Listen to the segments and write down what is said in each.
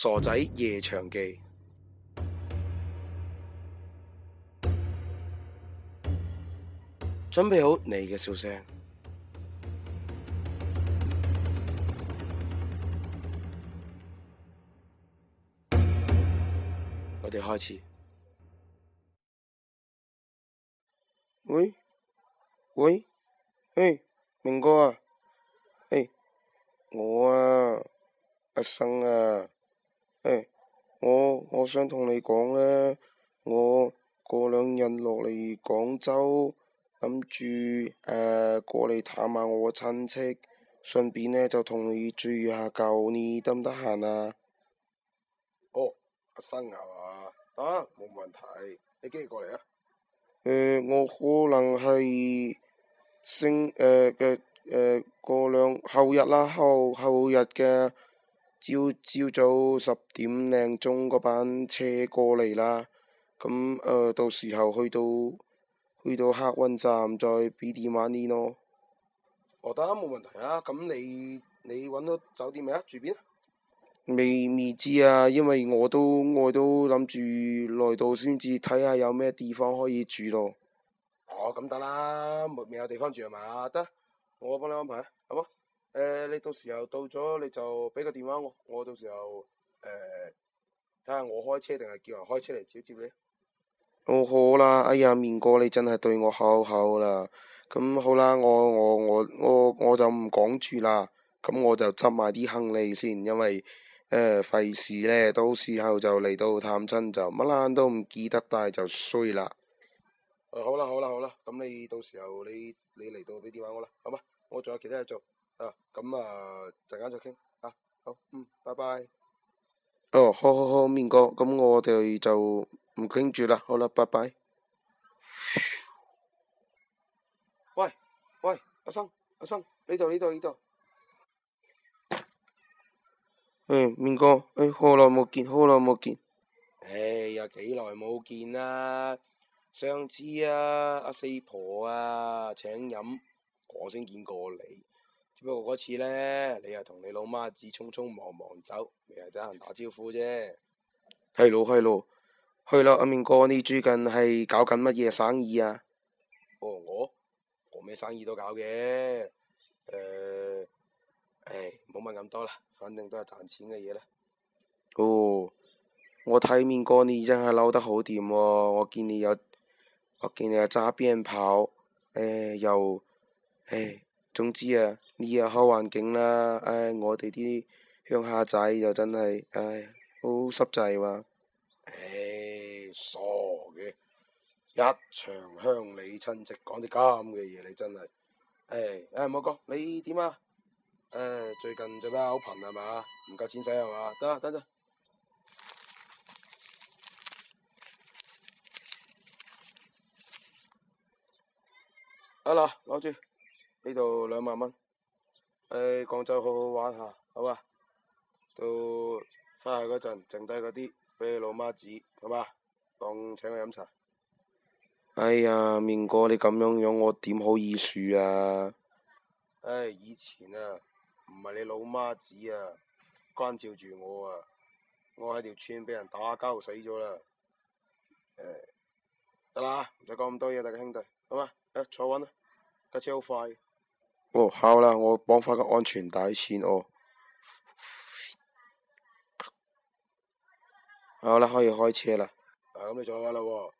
傻仔夜長記，準備好你嘅笑聲， 我哋開始。喂喂，誒，明哥啊，誒，我啊，阿生啊。哎、我我想同你講呢。我過兩日落嚟廣州，諗住誒過嚟探下我親戚，順便呢就同你住下舊年，得唔得閒啊？哦，阿生係嘛？啊，冇問題，你幾時過嚟啊？誒、呃，我可能係星誒嘅誒過兩後日啦，後後日嘅。朝朝早十點零鐘嗰班車過嚟啦，咁誒、呃、到時候去到去到客運站再俾電話你咯。哦，得，冇問題啊，咁你你揾到酒店未啊？住邊啊？未未知啊，因為我都我都諗住來到先至睇下有咩地方可以住咯。哦，咁得啦未，未有地方住係嘛？得，我幫你安排，好唔誒、呃，你到時候到咗你就俾個電話我。哦，我到時候誒睇下我開車定係叫人開車嚟，接接你。哦。好啦，哎呀，面哥你真係對我好好啦。咁、嗯、好啦，我我我我我就唔講住啦。咁、嗯、我就執埋啲行李先，因為誒費事呢，到時候就嚟到探親就乜爛都唔記得帶就衰啦、嗯、啦。好啦好啦好啦，咁你到時候你你嚟到俾電話我啦，好嘛？我仲有其他嘢做。啊，咁啊，陣間再傾吓，好，嗯，拜拜。哦，好好好，面哥，咁我哋就唔傾住啦，好啦，拜拜。喂喂，阿生阿生，呢度呢度呢度。誒，面哥，唉，欸，好耐冇見，好耐冇見。哎呀，幾耐冇見啦，啊？上次啊，阿四婆啊，請飲，我先見過你。只不過嗰次呢，你又同你老媽子匆匆忙忙走，未係得閒打招呼啫。係咯係咯，係啦阿面哥，你最近係搞緊乜嘢生意啊？哦，我我咩生意都搞嘅。唉、呃，誒、哎，冇問咁多啦，反正都係賺錢嘅嘢啦。哦，我睇面哥你真係嬲得好掂喎，我見你有，我見你又揸鞭炮，唉、哎，又，唉、哎，總之啊。呢又好環境啦，啊，唉、哎，我哋啲鄉下仔又真係，唉、哎，好濕滯嘛。唉、哎，傻嘅，一場鄉里親戚講啲咁嘅嘢，你真係，唉、哎，誒、哎，冇講，你點啊？唉、哎，最近做咩好貧係嘛？唔夠錢使係嘛？得啦，啊，得啦。得樂，啊，攞住呢度兩萬蚊。哎，喺廣州好好玩下，好嘛？到返去嗰陣，剩低嗰啲畀你老媽子，好嘛？當請我飲茶。哎呀，面哥你咁樣樣，我點好意思啊？唉、哎，以前啊，唔係你老媽子啊，關照住我啊，我喺條村俾人打交死咗啦。誒、哎，得啦，唔使講咁多嘢，大家兄弟，好嘛、哎？坐穩啦，架車好快。哦、好啦，我綁翻個安全帶先哦。好啦，可以開車啦。咁、啊、你做緊啦喎。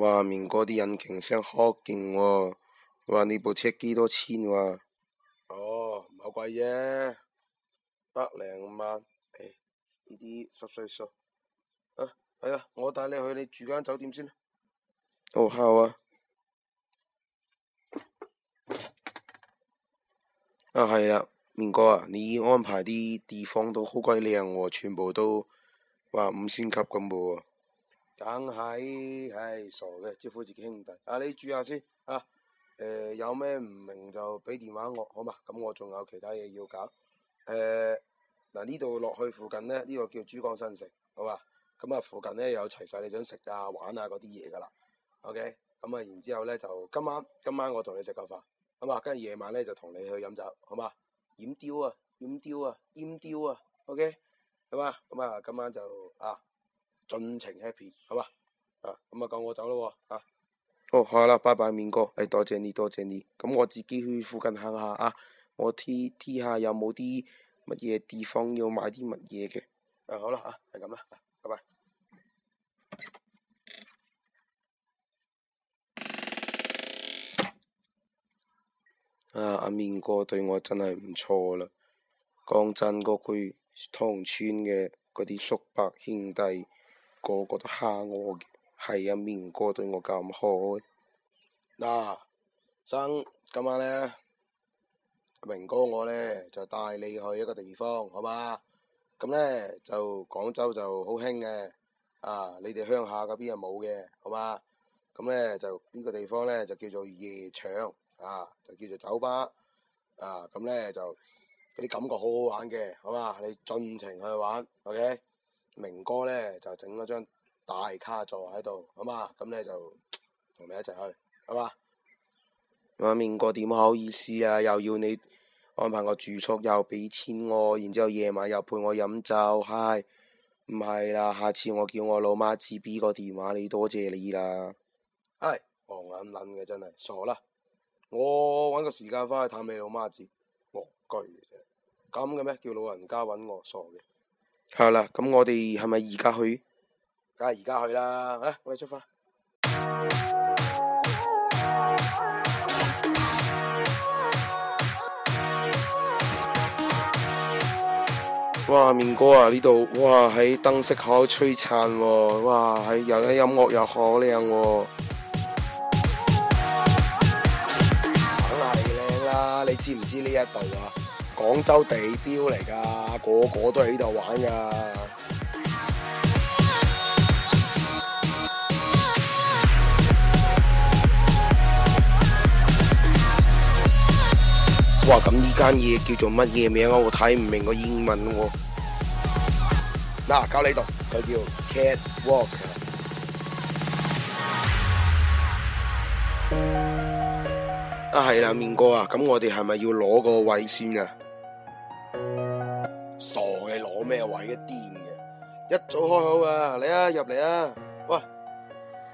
畫面嗰啲引擎聲好勁喎。話呢部車幾多錢話？哦，唔好貴啫，百零萬。呢、哎、啲濕碎數。係啊，我帶你去你住間酒店先。好，好啊。Oh, ah, 啊，係啦，明哥啊，你安排啲地方都好鬼靚喎，全部都哇五星級咁嘅喎。梗係，唉、哎，傻嘅，招呼自己兄弟。啊，你住下先，啊，誒、呃，有咩唔明就俾電話我，好嘛？咁我仲有其他嘢要搞。誒、呃，嗱，呢度落去附近呢，呢個叫珠江新城，好嘛？咁啊，附近咧有齊晒你想食啊、玩啊嗰啲嘢噶啦。OK，咁啊，然之後咧就今晚，今晚我同你食個飯，咁、嗯、啊，跟住夜晚咧就同你去飲酒，好嘛？煙雕啊，煙雕啊，煙雕啊，OK，好嘛？咁、嗯、啊，今晚就啊，盡情 happy，好嘛？啊、嗯，咁啊咁我走咯啊。哦，oh, 好啦，拜拜，面哥、哎，係多謝你，多謝你。咁、嗯、我自己去附近行下啊，我睇睇下有冇啲乜嘢地方要買啲乜嘢嘅。誒、嗯，好啦，啊，係咁啦。啊，阿面哥對我真係唔錯啦。講真嗰句，同、那個、村嘅嗰啲叔伯兄弟個個都蝦我嘅。係阿面哥對我咁好。嗱、啊，生今晚呢，明哥我呢，就帶你去一個地方，好嗎？咁呢，就廣州就好興嘅，啊！你哋鄉下嗰邊係冇嘅，好嘛？咁呢，就呢個地方呢，就叫做夜場，啊，就叫做酒吧，啊，咁呢，就嗰啲感覺好好玩嘅，好嘛？你盡情去玩，OK？明哥呢，就整咗張大卡座喺度，好嘛？咁呢，就同你一齊去，好嘛？我明哥點好意思啊？又要你～安排個住宿又俾錢我，然之後夜晚又陪我飲酒，唉，唔係啦？下次我叫我老媽子俾個電話你，多謝你啦。唉，戇眼卵嘅真係傻啦！我揾個時間翻去探你老媽子，戇居嘅啫。咁嘅咩？叫老人家揾我傻嘅。係啦，咁我哋係咪而家去？梗係而家去啦，啊、哎，我哋出發。哇，面哥啊，呢度哇喺燈飾好璀璨喎，哇喺又有音樂又好靚喎，哦，梗係靚啦！你知唔知呢度啊？廣州地標嚟㗎，個個都喺度玩㗎。哇，咁呢間嘢叫做乜嘢名啊？我睇唔明個英文喎。嗱，教你讀，佢叫 Catwalk。啊，係啦，明哥啊，咁我哋係咪要攞個位先啊？傻嘅，攞咩位嘅？癲嘅，一早開好啊！嚟啊，入嚟啊！喂，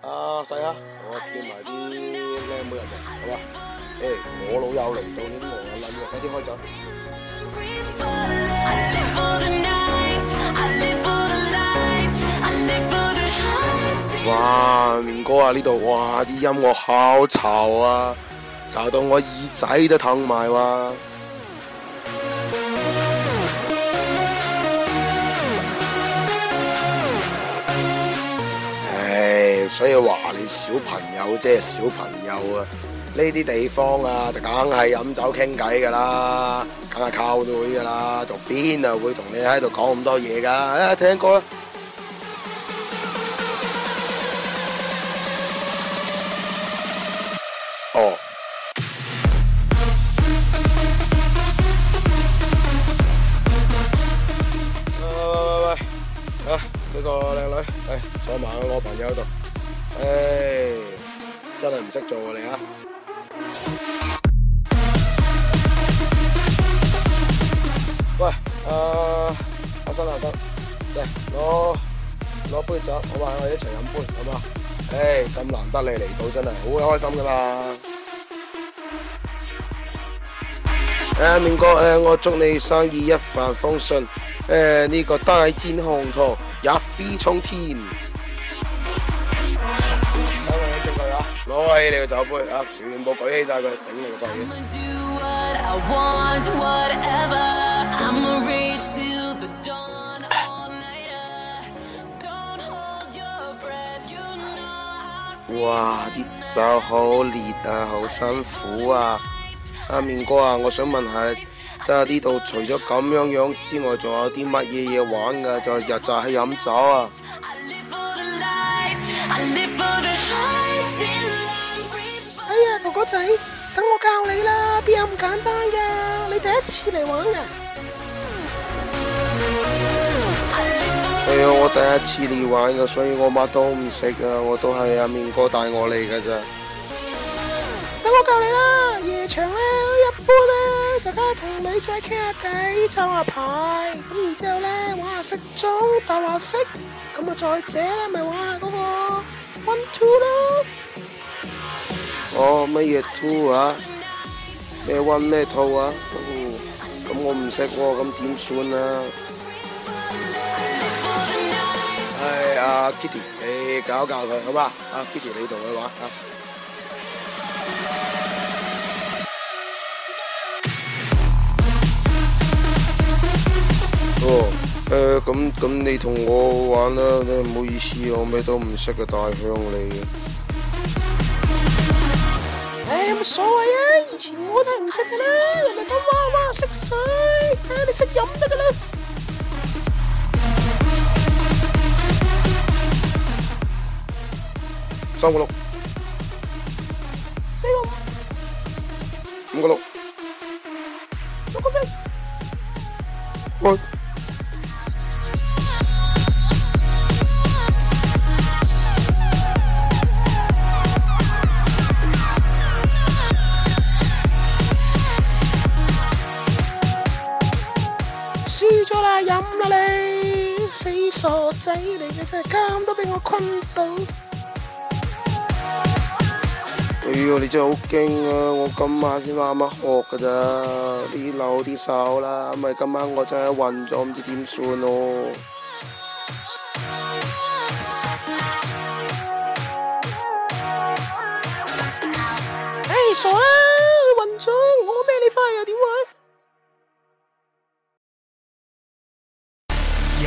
啊細啊，我叫埋啲靚妹入嚟，好啊。Hey，我老友嚟到，啲忙啊！撚嘅快啲開走。哇，明哥啊，呢度哇，啲音樂好嘈啊，嘈到我耳仔都疼埋哇！所以話你小朋友即係小朋友啊，呢啲地方啊，就梗係飲酒傾偈噶啦，梗係靠啲噶啦，仲邊啊會同你喺度講咁多嘢噶？啊，聽歌啦！哦，喂喂喂，啊，呢個靚女，係坐埋我朋友度。識做啊你啊！喂，阿阿新阿新，嚟攞杯酒，好話我哋一齊飲杯，好嘛？誒、哎，咁難得你嚟到真係好開心噶嘛！阿 明哥，誒、呃，我祝你生意一帆風順，誒、呃，呢、這個大展宏圖，一飛衝天。攞起你個酒杯，全部舉起晒佢，頂你個肺！ 哇，啲酒好烈啊，好辛苦啊！阿明哥啊，我想問下，即係呢度除咗咁樣樣之外，仲有啲乜嘢嘢玩噶？就又就係飲酒啊！ 哥仔，等我教你啦，邊有咁簡單噶？你第一次嚟玩啊？係啊，我第一次嚟玩噶，所以我乜都唔識啊，我都係阿明哥帶我嚟噶咋。等我教你啦。夜場咧，一般咧就梗係同女仔傾下偈，湊下牌，咁然之後咧玩下骰盅，大話骰，咁我再者咧咪玩下嗰、那個 one two 咯。哦，乜嘢 two 啊？咩 one 咩 two 啊？咁我唔識喎，咁點算啊？係啊，Kitty，你搞搞佢好嘛？啊，Kitty 你同佢玩啊。哦，誒，咁咁你同我玩啦，唔好意思，我咩都唔識嘅大鄉里。有乜所謂啊？以前我都係唔識嘅啦，人人都話話識水，睇下，你識飲得嘅啦。三個六，四個五，五個六，六個四，好。傻仔你嘅，真係咁都畀我困到。哎呦，你真係好驚啊！我今晚先啱啱學㗎咋，你留啲手啦，咪今晚我真係暈咗，唔知點算咯。哎，傻啦，暈咗，我孭你翻去啊？點啊？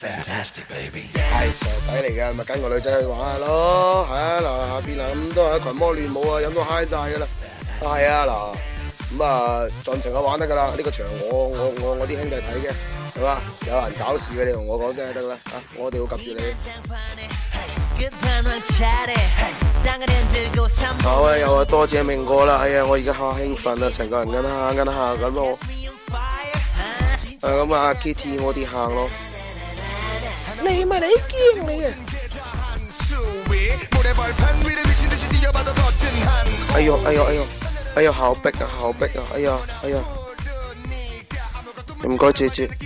係傻仔嚟嘅，咪跟個女仔去玩下咯。係啊，嗱下邊啊，咁都係一群魔亂舞啊，飲到嗨晒㗎喇。係啊，嗱，咁啊盡情去玩得噶啦。呢個場我我我我啲兄弟睇嘅，係嘛？有人搞事嘅，你同我講聲得啦。啊，我哋會及住你。好啊，又啊，多謝明哥啦。哎呀，我而家好興奮啊！成個人硬下硬下咁咯。誒，咁啊，Kitty 我哋行咯。嚟埋嚟，堅嚟啊！哎呦，哎呦，哎呦，哎呦，好迫啊，好迫啊，哎呀，哎呀，唔該姐姐。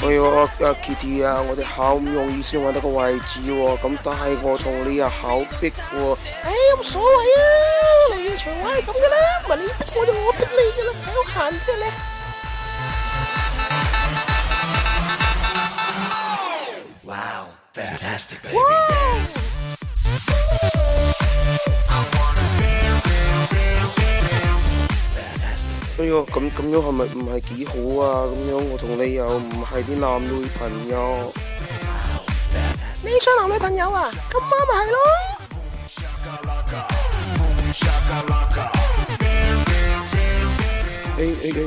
哎呀，阿 Kitty 啊，我哋好唔容易先揾到個位置喎，咁但係我同你又好迫喎。哎，冇所謂啊，嚟場我係咁噶啦，唔係你逼我，就我逼你噶啦，喺度行啫咧。Wow, 哎呀，咁咁樣係咪唔係幾好啊？咁樣我同你又唔係啲男女朋友，你想男女朋友啊？今晚咪係咯。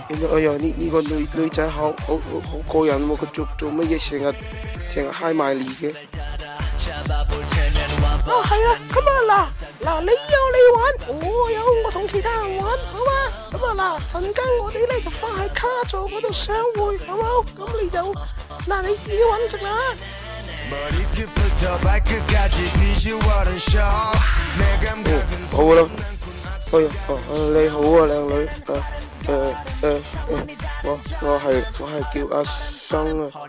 誒誒誒，哎呀，呢呢個女女仔好好好過癮喎，佢做做乜嘢成日成日嗨埋嚟嘅。哦係啊，咁啊嗱。嗱、啊，你有、哦、你玩，哦哦、我有我同其他人玩，好嘛？咁啊嗱，陣間我哋咧就返喺卡座嗰度相會，好唔好？咁你就，嗱、啊，你自己揾食啦。好啦，去哦，你好啊，靚女，誒誒誒，我我係我係叫阿生啊。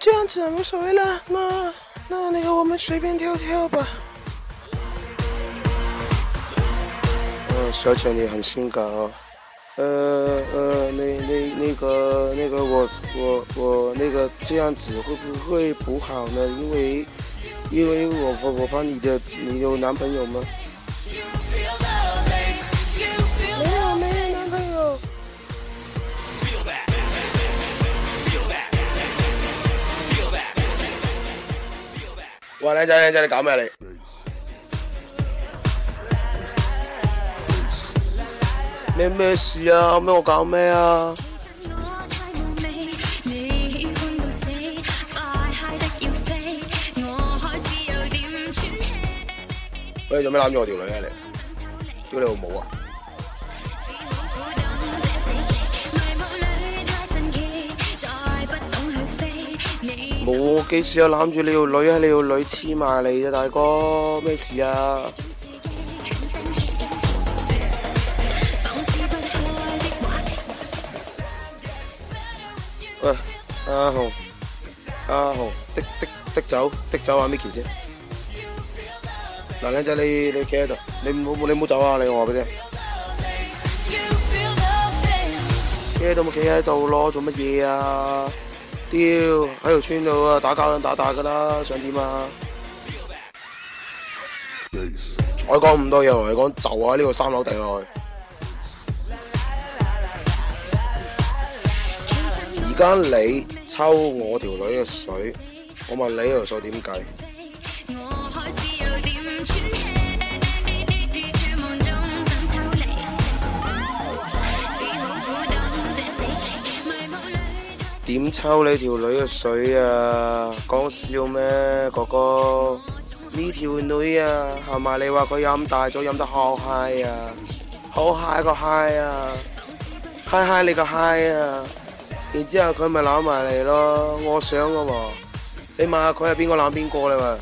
這樣子無所謂了，那那那個我們隨便跳一跳吧。哦、呃，小姐你很性感哦。呃呃，那那那個那個我我我那個這樣子會不會不好呢？因為因為我我我怕你的你有男朋友嗎？喂，靚仔靚仔，你搞咩？你咩咩事啊？咩我搞咩啊？喂，你做咩攬住我條女啊？你屌你老母啊！冇，幾時有攬住你條女啊？你條女黐埋嚟咋，大哥咩事啊？喂，阿雄，阿雄，的的的走，的走啊！Mickey 先？嗱，靚仔，你你企喺度，你唔好你唔好走啊！你我話俾你聽，車都冇企喺度咯，做乜嘢啊？屌，喺條村度啊，打交打打㗎啦，想點啊？再講咁多嘢，我同你講，就喺呢個三樓地內。而家 你抽我條女嘅水，我問你條數點計？點抽你條女嘅水啊！講笑咩哥哥？呢條女啊，係咪你話佢飲大咗飲得好嗨啊？好嗨個嗨啊！嗨嗨你個嗨啊！然之後佢咪攬埋你咯，我想嘅喎。你問下佢係邊個攬邊個啦嘛？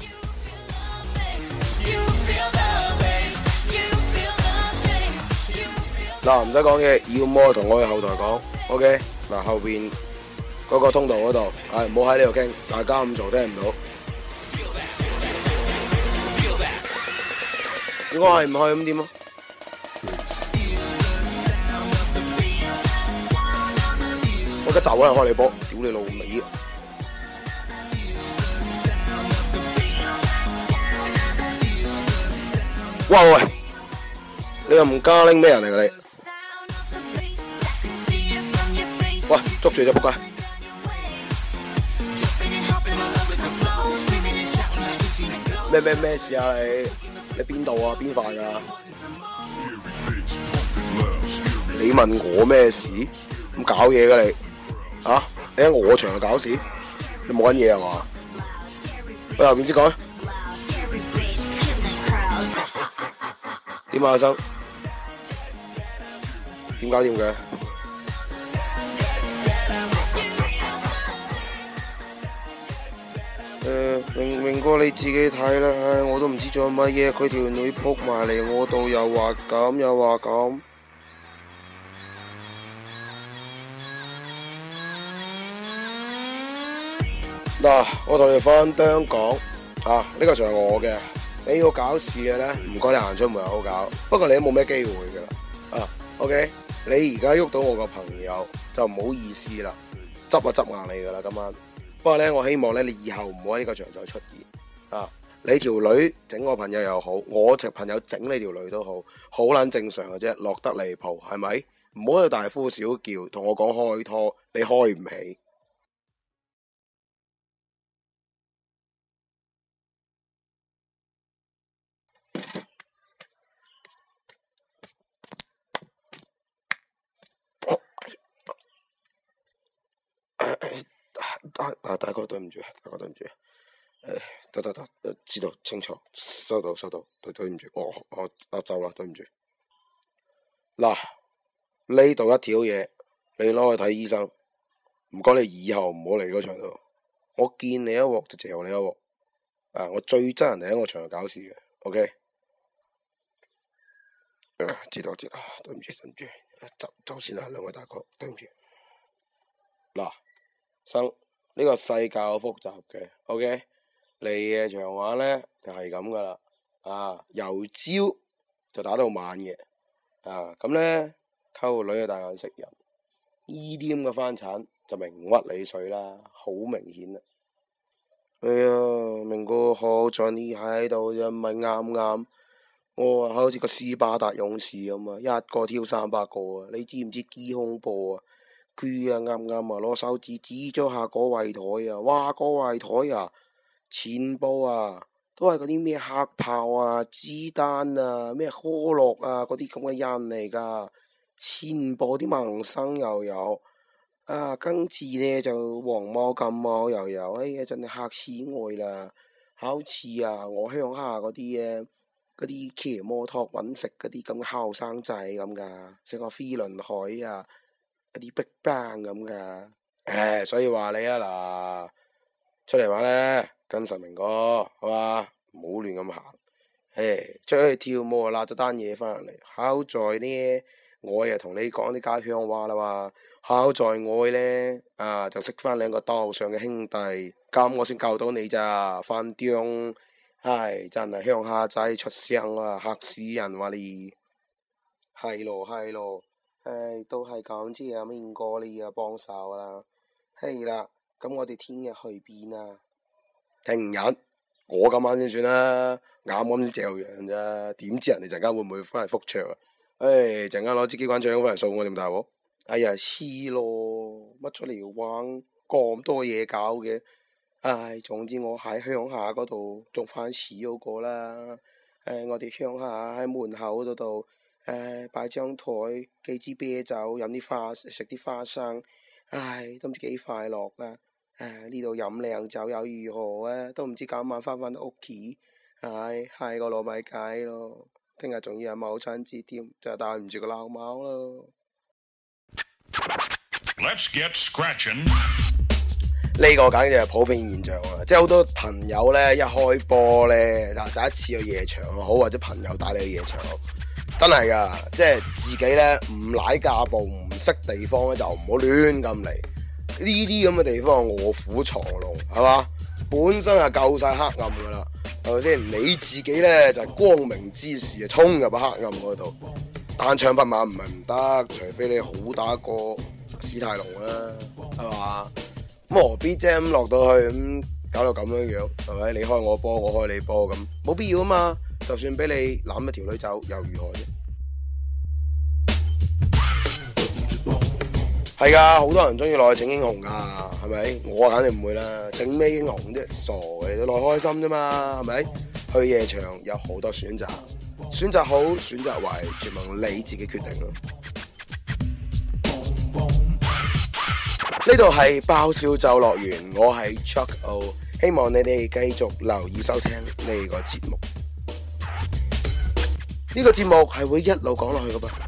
嗱，唔使講嘢，要摸同我去後台講。OK，嗱後邊。嗰個通道嗰度，唉，唔好喺呢度傾，大家咁做聽唔到。我係唔開咁點啊？我而家就喺度開你波，屌你老味！喂 喂，你又唔加拎咩人嚟啊你？喂， 捉住咗仆街！咩咩咩事啊你？你邊度啊？邊塊啊，啊？你問我咩事？咁搞嘢噶你？啊？你喺我場度搞事？你冇緊嘢啊嘛？去後面先講？點啊阿生？點搞掂嘅？不過你自己睇啦，唉，我都唔知做乜嘢。佢條女撲埋嚟我度，又話咁又話咁。嗱、啊，我同你翻香港，啊，呢、這個場係我嘅，你要搞事嘅咧，唔該你行出門口搞。不過你都冇咩機會噶啦。啊，OK，你而家喐到我個朋友就唔好意思啦，執啊執硬你噶啦今晚。不過咧，我希望咧你以後唔好喺呢個場再出現。啊！你條女整我朋友又好，我隻朋友整你條女都好，好捻正常嘅啫，落得離譜係咪？唔好喺度大呼小叫，同我講開拖，你開唔起、， 啊啊啊、起。大哥對唔住，大哥對唔住。得得得，知道清楚，收到收到，對對唔住，哦，我我我走啦，對唔住。嗱呢度一條嘢，你攞去睇醫生，唔該你以後唔好嚟我場度，我見你一鑊就謝你一鑊。啊，我最憎人哋喺我場度搞事嘅，OK？知道知道，知道啊，對唔住對唔住，走走先啦，兩位大哥，對唔住。嗱，生呢，呢個世界好複雜嘅，OK？嚟嘅長話呢就係咁噶啦，啊由朝就打到晚嘅，啊咁呢溝女啊大眼識人，呢啲咁嘅翻產就明屈你水啦，好明顯啦。哎呀，明哥好在你喺度又唔係啱啱，我好似個斯巴達勇士咁啊，一個挑三百個啊，你知唔知幾恐怖啊？佢啊啱啱啊攞手指指咗下個圍台啊，哇個圍台啊！前波啊，都係嗰啲咩黑炮啊、子彈啊、咩科樂啊嗰啲咁嘅人嚟噶。前波啲萌生又有，啊跟住咧就黃魔金貓又有，哎呀真係嚇死我啦！好似啊，我鄉下嗰啲，嗰啲騎摩托揾食嗰啲咁嘅後生仔咁噶，成個飛輪海啊，嗰啲 Big Bang 咁噶。誒、哎，所以話你啊嗱，出嚟玩啦！跟實明哥，好嘛？唔好亂咁行。唉，出去跳舞又拉咗單嘢返嚟，好在呢，我又同你講啲家鄉話啦。話好在我呢，啊，就識翻兩個道路上嘅兄弟，咁我先救到你咋？翻張，唉，真係鄉下仔出聲啊，嚇死人話你。係咯，係咯，唉、哎，都係咁，知阿明哥你要幫手啦。係啦，咁我哋聽日去邊啊？聽日我今晚先算啦，啱啱先照樣咋？點知人哋陣間會唔會翻嚟覆場啊？唉，陣間攞支機關槍翻嚟送我點大鑊？哎呀，是咯，乜出嚟玩咁多嘢搞嘅？唉、哎，總之我喺鄉下嗰度種番薯好過啦。唉、哎，我哋鄉下喺門口嗰度誒擺張台，幾支啤酒，飲啲花食啲花生，唉、哎，都唔知幾快樂啦～呢度飲靚酒又如何啊？都唔知今晚翻返到屋企唉，係個糯米雞咯，聽日仲要有母親節添，就帶唔住個鬧貓咯。Let's get scratching。呢個簡直係普遍現象啊，即係好多朋友呢一開波呢，嗱第一次去夜場啊，好或者朋友帶你去夜場好，真係噶，即係自己呢，唔奶駕步唔識地方咧，就唔好亂咁嚟。呢啲咁嘅地方臥虎藏龍，係嘛？本身係夠晒黑暗噶啦，係咪先？你自己咧就係、是、光明之士啊，衝入去黑暗嗰度。單槍匹馬唔係唔得，除非你好打過史泰龍啦，係嘛？咁何必即係咁落到去咁搞到咁樣樣？係咪？你開我波，我開你波，咁冇必要啊嘛？就算俾你攬一條女走，又如何？係噶，好多人中意落去整英雄噶，係咪？我肯定唔會啦。整咩英雄啫？傻嘅，你都落開心啫嘛，係咪？去夜場有好多選擇，選擇好，選擇壞，全憑你自己決定咯。呢度係爆笑就樂園，我係 Chuck O，希望你哋繼續留意收聽呢個節目。呢個節目係會一路講落去噶噃。